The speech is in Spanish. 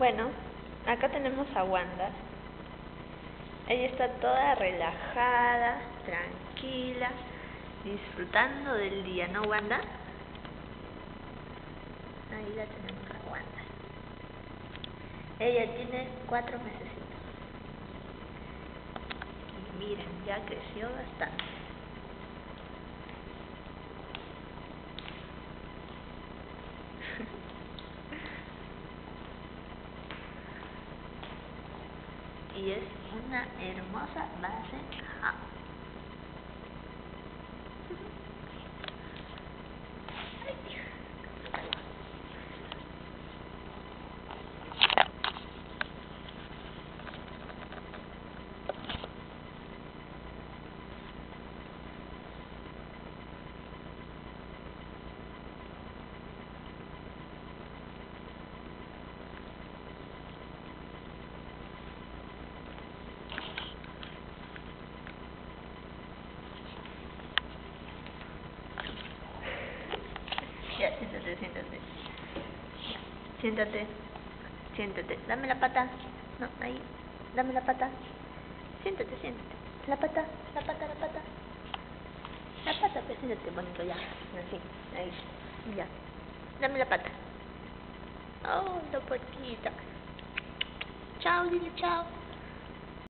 Bueno, acá tenemos a Wanda. Ella está toda relajada, tranquila, disfrutando del día, ¿no, Wanda? Ahí la tenemos a Wanda. Ella tiene cuatro meses. Y miren, ya creció bastante. y es una hermosa base siéntate, siéntate. Siéntate. Siéntate. Dame la pata. No, ahí. Dame la pata. Siéntate, siéntate. La pata, la pata, la pata. La pata, pues siéntate bonito ya. Así, ahí. Ya. Dame la pata. Oh, la puertita. Chao, dile chao.